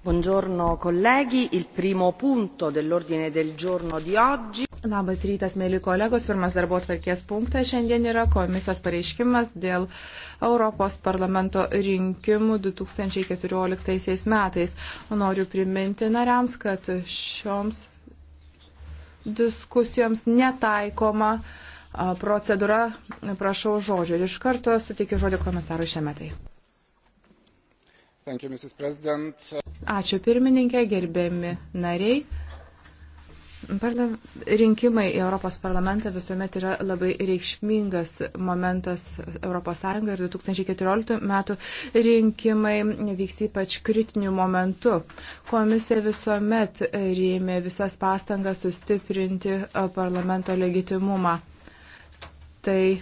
Buongiorno colleghi, il primo punto dell'ordine del giorno di oggi. Labas rytas, mėly kolegos. Pirmas darbo atvarkės punktas šiandien yra komisijos pareiškimas dėl Europos parlamento rinkimų 2014 metais. Noriu priminti nariams, kad šioms diskusijoms netaikoma procedūra, prašau žodžio. Ir iš karto suteikiu žodį komisarui šiame metai. Thank you, Mrs. President. Ačiū pirmininkė, gerbiami nariai. Rinkimai į Europos parlamentą visuomet yra labai reikšmingas momentas ES ir 2014 metų rinkimai vyks ypač kritiniu momentu. Komisija visuomet rėmė visas pastangas sustiprinti parlamento legitimumą. Tai